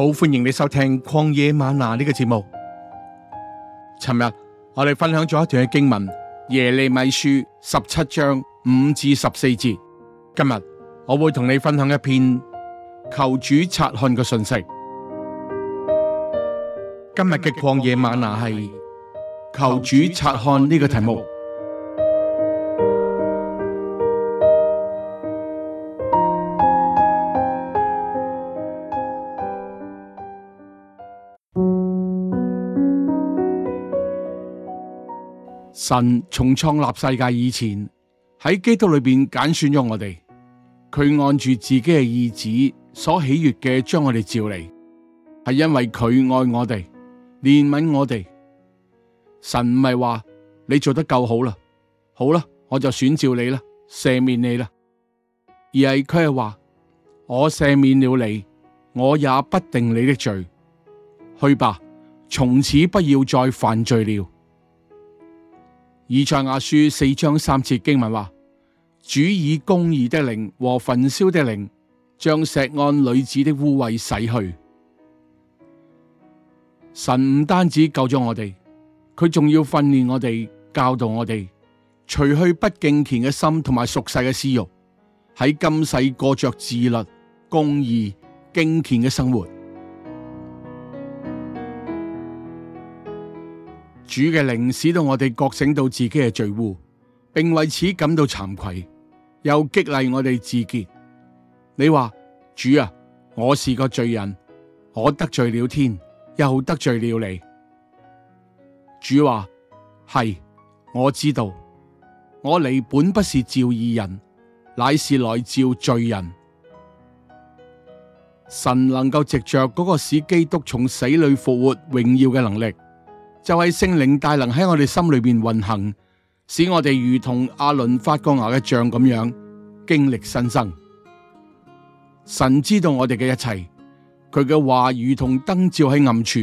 好，歡迎你收聽曠野嗎哪呢、這個節目。尋日我哋分享咗一段嘅經文《耶利米書》十七章五至十四節。今日我會同你分享一篇求主察看嘅信息。今日嘅曠野嗎哪係求主察看呢、這個題目。神從創立世界以前喺基督裏邊揀選咗我哋，佢按住自己嘅意旨，所喜悅嘅將我哋召嚟，係因為佢愛我哋，憐憫我哋。神唔係話你做得夠好啦，好啦，我就選召你啦，赦免你啦，而係佢係話我赦免了你，我也不定你的罪，去吧，從此不要再犯罪了。以賽亞書四章三節經文話：主以公義的靈和焚燒的靈，將錫安女子的污穢洗去。神唔單止救咗我哋，佢仲要訓練我哋，教導我哋，除去不敬虔嘅心同埋俗世嘅私欲，喺今世過着自律、公義、敬虔嘅生活。主嘅靈使到我哋覺醒到自己嘅罪污，並為此感到慚愧，又激勵我哋自潔。你話主啊，我是個罪人，我得罪了天，又得罪了你。主話係，我知道，我嚟本不是召義人，乃是來召罪人。神能夠藉着嗰個使基督從死裏復活榮耀嘅能力。就係聖靈大能喺我哋心裏邊運行，使我哋如同阿倫發過芽嘅像咁樣經歷新生。神知道我哋嘅一切，佢嘅話如同燈照喺暗處，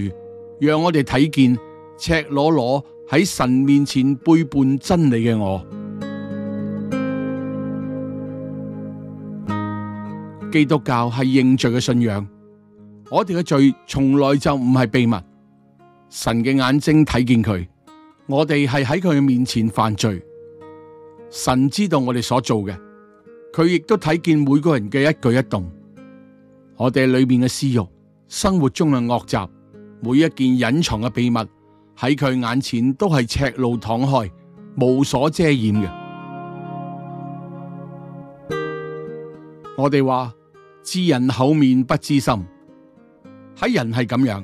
讓我哋睇見赤裸裸喺神面前背叛真理嘅我。基督教係認罪嘅信仰，我哋嘅罪從來就唔係秘密。神嘅眼睛睇見佢，我哋係喺佢面前犯罪，神知道我哋所做嘅，佢亦都睇見每個人嘅一舉一動，我哋裏邊嘅私欲，生活中嘅惡習，每一件隱藏嘅秘密喺佢眼前都係赤露敞開，無所遮掩嘅。我哋話知人口面不知心，喺人係咁樣。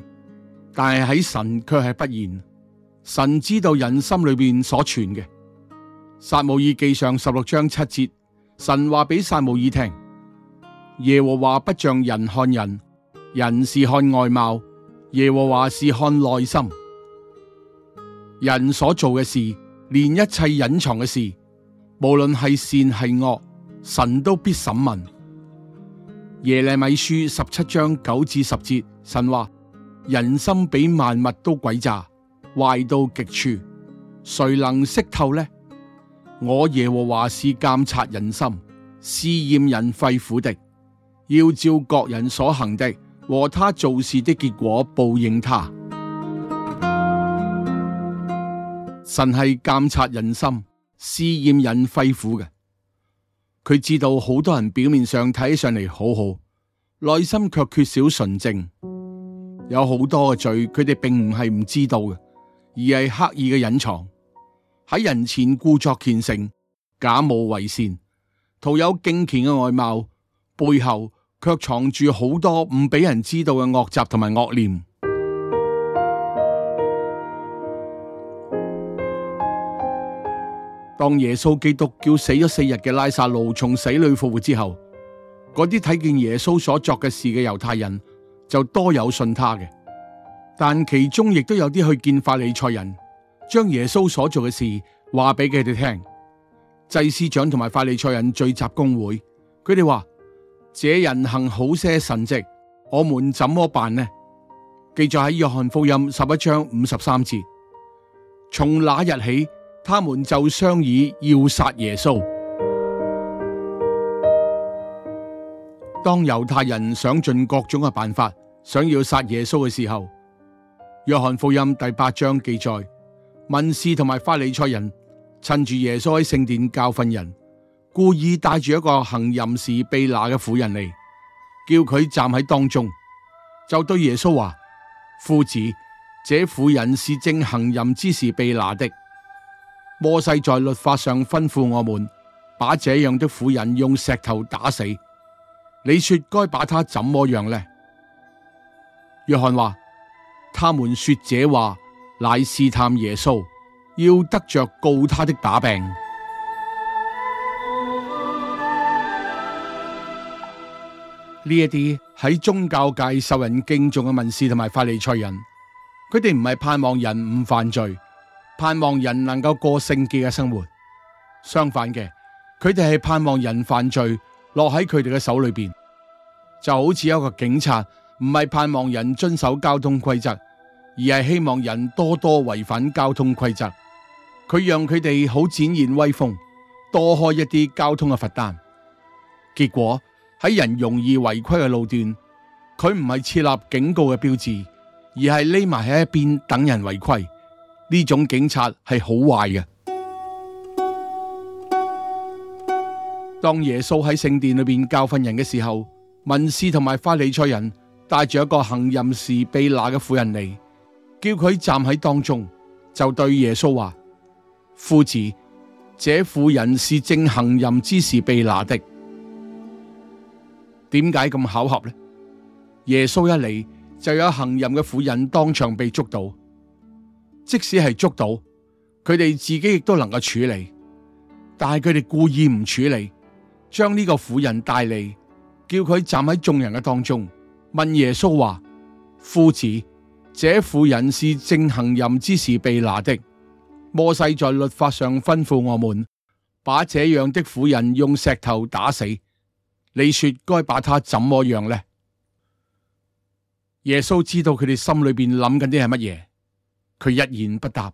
但係喺神卻係不然，神知道人心裏邊所存嘅。撒母耳記上十六章七節，神話俾撒母耳聽：耶和華不像人看人，人是看外貌，耶和華是看內心。人所做嘅事，連一切隱藏嘅事，無論係善係惡，神都必審問。耶利米書十七章九至十節，神話。人心比萬物都詭詐，壞到極處，誰能識透呢？我耶和華是監察人心、試驗人肺腑的，要照各人所行的和他做事的結果報應他。神係監察人心、試驗人肺腑嘅，佢知道好多人表面上睇起上嚟好好，內心卻缺少純正。有好多嘅罪，佢哋並唔係唔知道嘅，而係刻意嘅隱藏，喺人前故作虔誠，假冒偽善，徒有敬虔嘅外貌，背後卻藏住好多唔俾人知道嘅惡習同埋惡念。 當耶穌基督叫死咗四日嘅拉撒路從死裏復活之後，嗰啲睇見耶穌所作嘅事嘅猶太人。就多有信他嘅，但其中亦都有啲去見法利賽人，將耶穌所做嘅事話俾佢哋聽。祭司長同埋法利賽人聚集公會，佢哋話：「這人行好些神蹟，我們怎麼辦呢？」記載喺約翰福音十一章五十三節：「從那日起，他們就商議要殺耶穌。」當猶太人想盡各種嘅辦法，想要殺耶穌嘅時候，《約翰福音》第八章記載，文士同埋法利賽人趁住耶穌喺聖殿教訓人，故意帶住一個行淫時被拿嘅婦人嚟，叫佢站喺當中，就對耶穌話：夫子，這婦人是正行淫之時被拿的。摩西在律法上吩咐我們，把這樣的婦人用石頭打死。你說該把他怎麼樣呢？約翰話：，他們說這話，乃試探耶穌，要得着告他的把柄。呢一啲喺宗教界受人敬重嘅文士同埋法利賽人，佢哋唔係盼望人唔犯罪，盼望人能夠過聖潔嘅生活，相反嘅，佢哋係盼望人犯罪。落喺佢哋嘅手裏邊，就好似一個警察，唔係盼望人遵守交通規則，而係希望人多多違反交通規則。佢讓佢哋好展現威風，多開一啲交通嘅罰單。結果喺人容易違規嘅路段，佢唔係設立警告嘅標誌，而係匿埋喺一邊等人違規。呢種警察係好壞嘅。當耶穌喺聖殿裏邊教訓人嘅時候，文士同埋法利賽人帶住一個行淫時被拿嘅婦人嚟，叫佢站喺當中，就對耶穌話：夫子，這婦人是正行淫之時被拿的。點解咁巧合呢？耶穌一嚟就有行淫嘅婦人當場被捉到，即使係捉到，佢哋自己亦都能夠處理，但係佢哋故意唔處理。將呢個婦人帶嚟，叫佢站喺眾人嘅當中，問耶穌話：夫子，這婦人是正行淫之時被拿的。摩西在律法上吩咐我們，把這樣的婦人用石頭打死。你說該把她怎麼樣呢？耶穌知道佢哋心裏邊諗緊啲係乜嘢，佢一言不答，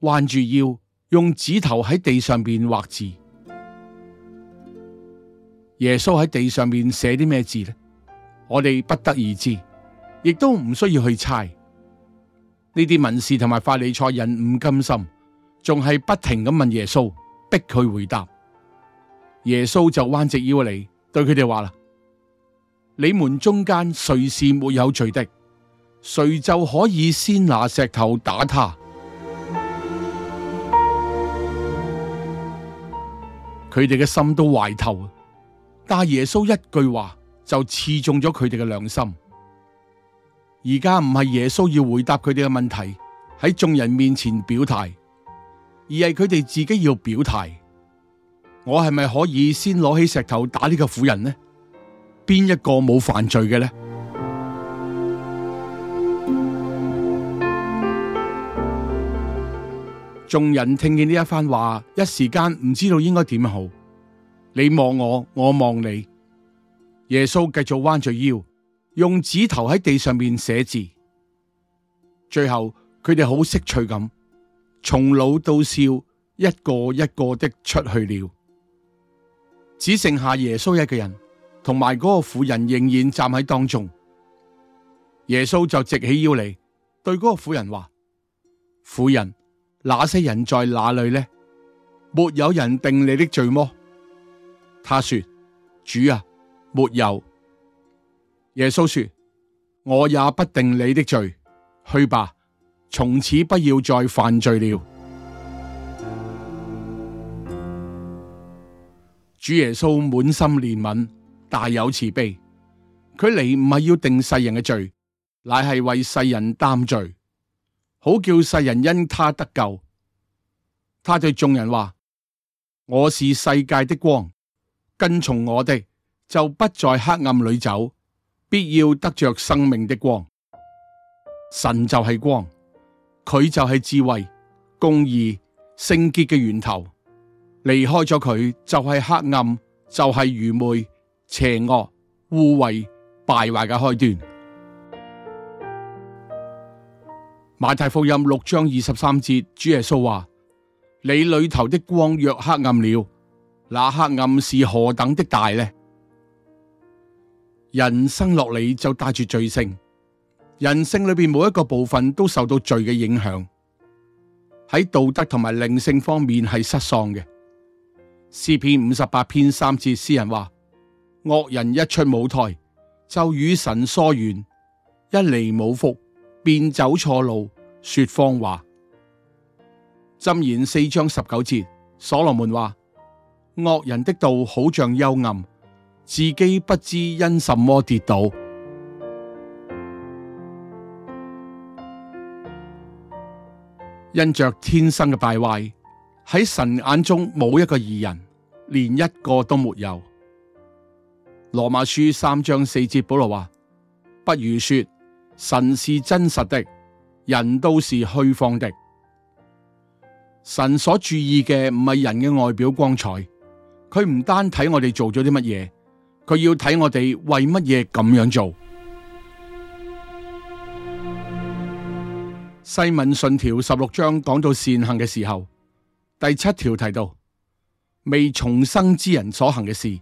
彎住腰用指頭喺地上邊畫字。耶穌喺地上面寫啲咩字咧？我哋不得而知，亦都唔需要去猜。呢啲文士同埋法利賽人唔甘心，仲係不停咁問耶穌，逼佢回答。耶穌就彎直腰嚟，對佢哋話啦：你們中間誰是沒有罪的，誰就可以先拿石頭打他。佢哋嘅心都壞透。但耶穌一句話就刺中咗佢哋嘅良心。而家唔係耶穌要回答佢哋嘅問題，喺眾人面前表態，而係佢哋自己要表態。我係咪可以先攞起石頭打呢個婦人呢？邊一個冇犯罪嘅呢？眾人聽見呢一番話，一時間唔知道應該點好。你望我，我望你。耶穌繼續彎住腰，用指頭喺地上面寫字。最後佢哋好識趣咁，從老到少一個一個的出去了，只剩下耶穌一個人，同埋嗰個婦人仍然站喺當中。耶穌就直起腰嚟，對嗰個婦人話：婦人，那些人在哪裏呢？沒有人定你的罪麼？他說：主啊，沒有。耶穌說：我也不定你的罪，去吧，從此不要再犯罪了。主耶穌滿心憐憫，大有慈悲。佢嚟唔係要定世人嘅罪，乃係為世人擔罪，好叫世人因他得救。他對眾人話：我是世界的光。跟從我的，就不在黑暗裡走，必要得着生命的光。神就係光，佢就係智慧、公義、聖潔嘅源頭。離開咗佢，就係黑暗，就係、是、愚昧、邪惡、污穢、敗壞嘅開端。馬太福音六章二十三節，主耶穌話：你裡頭的光若黑暗了，那黑暗是何等的大呢？人生落嚟就帶住罪性，人性裏邊每一個部分都受到罪嘅影響，喺道德同埋靈性方面係失喪嘅。詩篇五十八篇三節，詩人話：惡人一出母胎，就與神疏遠，一離母腹，便走錯路，說謊話。箴言四章十九節，所羅門話。惡人的道好像幽暗，自己不知因什麼跌倒。因着天生嘅敗壞，喺神眼中冇一個義人，連一個都沒有。羅馬書三章四節保羅話：不如說，神是真實的，人都是虛謊的。神所注意嘅唔係人嘅外表光彩。佢唔單睇我哋做咗啲乜嘢，佢要睇我哋為乜嘢咁樣做。西敏信條十六章講到善行嘅時候，第七條提到未重生之人所行嘅事，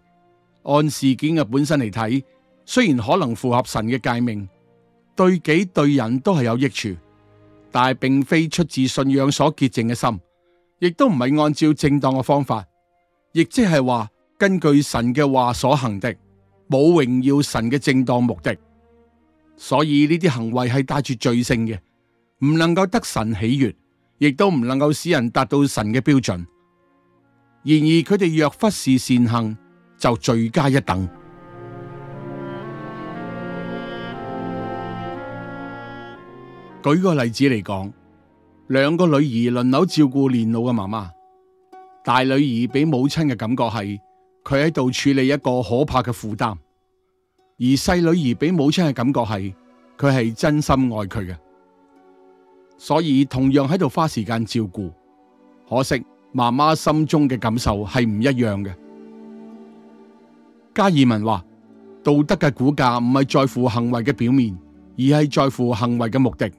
按事件嘅本身嚟睇，雖然可能符合神嘅誡命，對己對人都係有益處，但係並非出自信仰所潔淨嘅心，亦都唔係按照正當嘅方法。亦即係話，根據神嘅話所行的，冇榮耀神嘅正當目的，所以呢啲行為係帶住罪性嘅，唔能夠得神喜悦，亦都唔能夠使人達到神嘅標準。然而佢哋若忽視善行，就罪加一等。 舉個例子嚟講，兩個女兒輪流照顧年老嘅媽媽。大女兒俾母親嘅感覺係佢喺度處理一個可怕嘅負擔，而細女兒俾母親嘅感覺係佢係真心愛佢嘅，所以同樣喺度花時間照顧。可惜媽媽心中嘅感受係唔一樣嘅。加爾文話：道德嘅估價唔係在乎行為嘅表面，而係在乎行為嘅目的。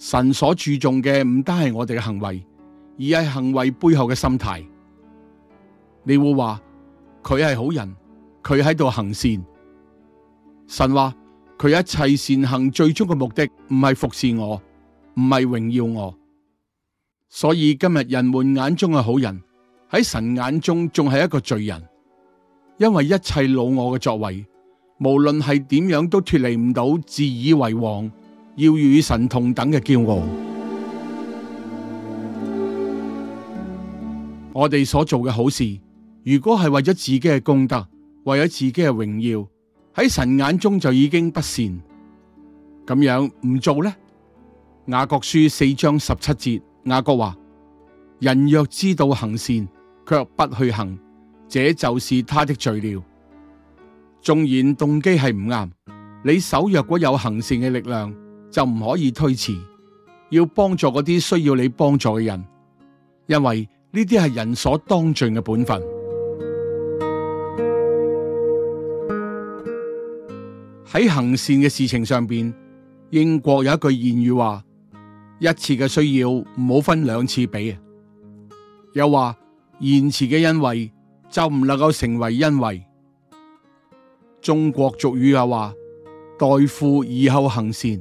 神所注重嘅唔單係我哋嘅行為。而係行為背後嘅心態，你會話佢係好人，佢喺度行善。神話佢一切善行最終嘅目的唔係服侍我，唔係榮耀我。所以今日人們眼中嘅好人，喺神眼中仲係一個罪人，因為一切老我嘅作為，無論係點樣都脫離唔到自以為王要與神同等嘅驕傲。我哋所做嘅好事，如果係為咗自己嘅功德，為咗自己嘅榮耀，喺神眼中就已經不善。咁樣唔做咧？雅各書四章十七節，雅各話：人若知道行善，卻不去行，這就是他的罪了。縱然動機係唔啱，你手若果有行善嘅力量，就唔可以推遲，要幫助嗰啲需要你幫助嘅人，因為。呢啲係人所當盡嘅本分。喺行善嘅事情上邊，英國有一句諺語話：一次嘅需要唔好分兩次俾。又話延遲嘅恩惠就唔能夠成為恩惠。中國俗語又話：待富以後行善，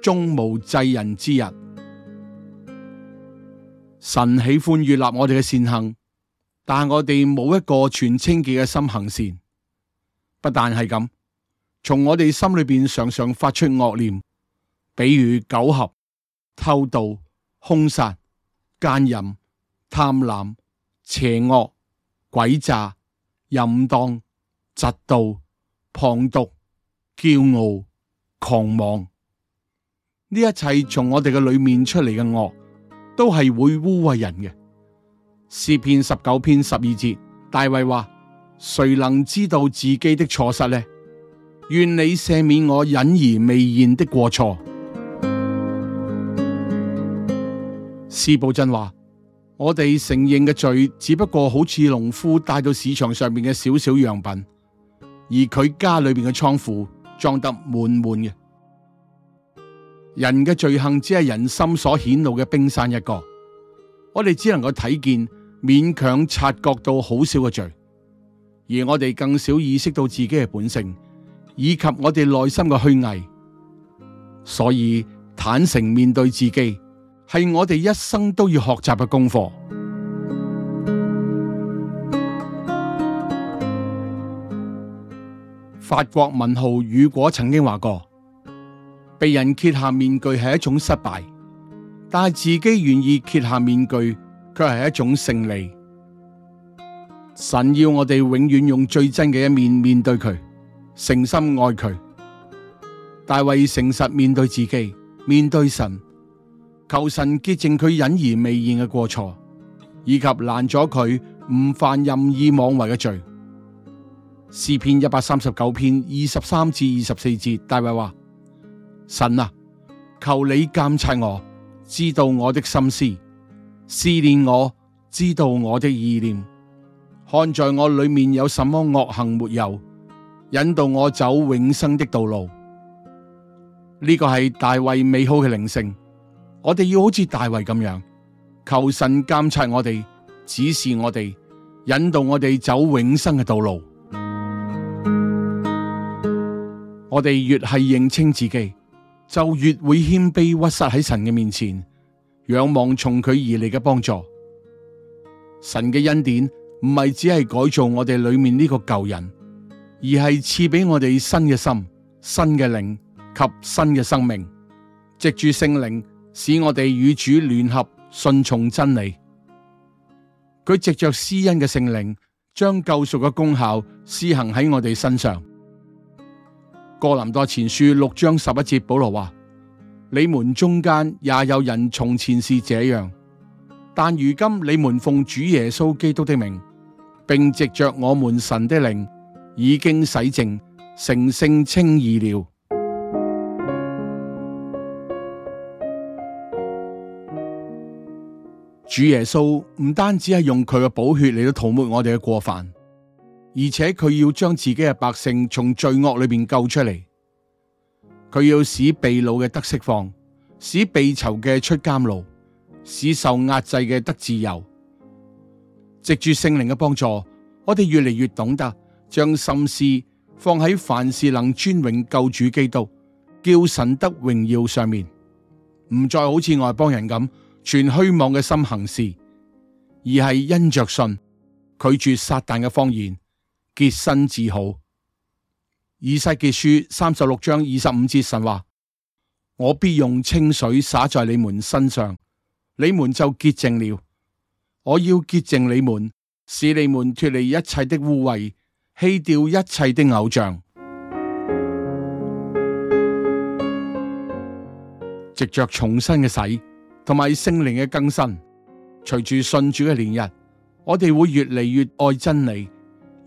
終無濟人之日。神喜歡悅納我哋嘅善行，但我哋冇一個全清潔嘅心行善。不但係咁，從我哋心裏邊常常發出惡念，比如苟合、偷盜、凶殺、奸淫、貪婪、邪惡、詭詐、淫蕩、嫉妒、謗讟、驕傲、狂妄。呢一切從我哋嘅裏面出嚟嘅惡。都係會污穢人嘅。詩篇十九篇十二節，大衛話：誰能知道自己的錯失呢？願你赦免我隱而未現的過錯。司布真話，我哋承認嘅罪，只不過好似農夫帶到市場上面嘅小小樣品，而佢家裏面嘅倉庫裝得滿滿嘅。人嘅罪行只係人心所顯露嘅冰山一角，我哋只能夠睇見，勉強察覺到好少嘅罪，而我哋更少意識到自己嘅本性，以及我哋內心嘅虛偽。所以坦誠面對自己，係我哋一生都要學習嘅功課。法國文豪雨果曾經話過。被人揭下面具係一種失敗，但係自己願意揭下面具，卻係一種勝利。神要我哋永遠用最真嘅一面面對佢，誠心愛佢。大衛誠實面對自己，面對神，求神潔淨佢隱而未現嘅過錯，以及攔咗佢唔犯任意妄為嘅罪。詩篇一百三十九篇二十三至二十四節，大衛話：神啊，求你監察我，知道我的心思，試煉我，知道我的意念，看在我裏面有什麼惡行沒有，引導我走永生的道路。呢個係大衛美好嘅靈性，我哋要好似大衛咁樣，求神監察我哋，指示我哋，引導我哋走永生嘅道路。我哋越係認清自己，就越會謙卑屈膝喺神嘅面前，仰望從佢而嚟嘅幫助。神嘅恩典唔係只係改造我哋裏面呢個舊人，而係賜俾我哋新嘅心、新嘅靈及新嘅生命。藉住聖靈，使我哋與主聯合，順從真理。佢藉着施恩嘅聖靈，將救贖嘅功效施行喺我哋身上。哥林多前書六章十一節，保羅話：你們中間也有人從前是這樣，但如今你們奉主耶穌基督的名，並藉着我們神的靈，已經洗淨，成聖稱義了。 主耶穌唔單止係用佢嘅寶血嚟到塗抹我哋嘅過犯。而且佢要將自己嘅百姓從罪惡裏邊救出嚟，佢要使被擄嘅得釋放，使被囚嘅出監牢，使受壓制嘅得自由。藉住聖靈嘅幫助，我哋越嚟越懂得將心思放喺凡事能尊榮救主基督，叫神得榮耀上面，唔再好似外邦人咁存虛妄嘅心行事，而係因着信拒絕撒旦嘅謊言。潔身自好。以西結書三十六章二十五節神話：我必用清水灑在你們身上，你們就潔淨了。我要潔淨你們，使你們脫離一切的污穢，棄掉一切的偶像， 藉着重生嘅洗，同埋聖靈嘅更新，隨住信主嘅年日，我哋會越嚟越愛真理。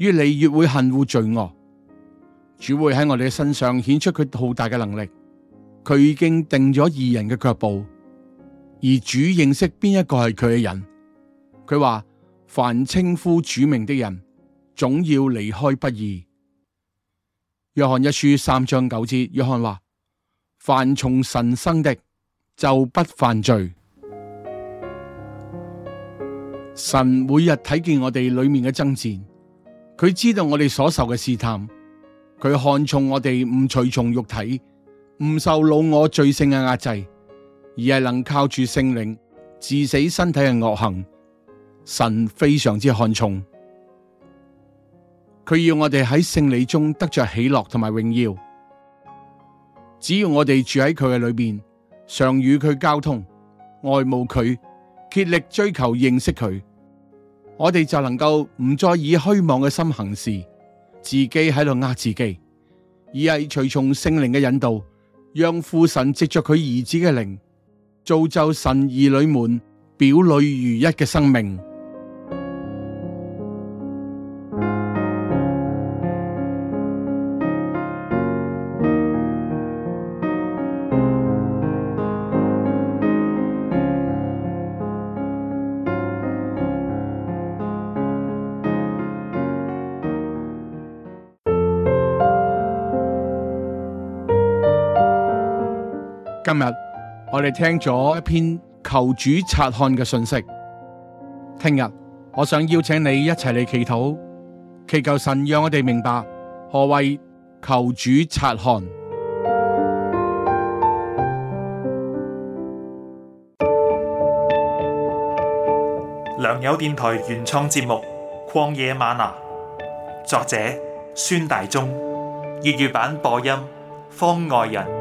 越嚟越會恨惡罪惡，主會喺我哋嘅身上顯出佢好大嘅能力。佢已經定咗二人嘅腳步，而主認識邊一個係佢嘅人。佢話：凡稱呼主名的人，總要離開不義。約翰一書三章九節，約翰話：凡從神生的，就不犯罪。神每日睇見我哋裏面嘅爭戰。佢知道我哋所受嘅試探，佢看重我哋唔隨從肉體，唔受老我罪性嘅壓制，而係能靠住聖靈治死身體嘅惡行。神非常之看重，佢要我哋喺勝利中得着喜樂同埋榮耀。只要我哋住喺佢嘅裏邊，常與佢交通，愛慕佢，竭力追求認識佢。我哋就能夠唔再以虛妄嘅心行事，自己喺度呃自己，而係隨從聖靈嘅引導，讓父神藉著佢兒子嘅靈，造就神兒女們表裏如一嘅生命。今日我哋聽咗一篇求主察看嘅信息，聽日我想邀請你一齊嚟祈禱，祈求神讓我哋明白何謂求主察看。良友電台原創節目《曠野嗎哪》，作者孫大中，粵語版播音方外人。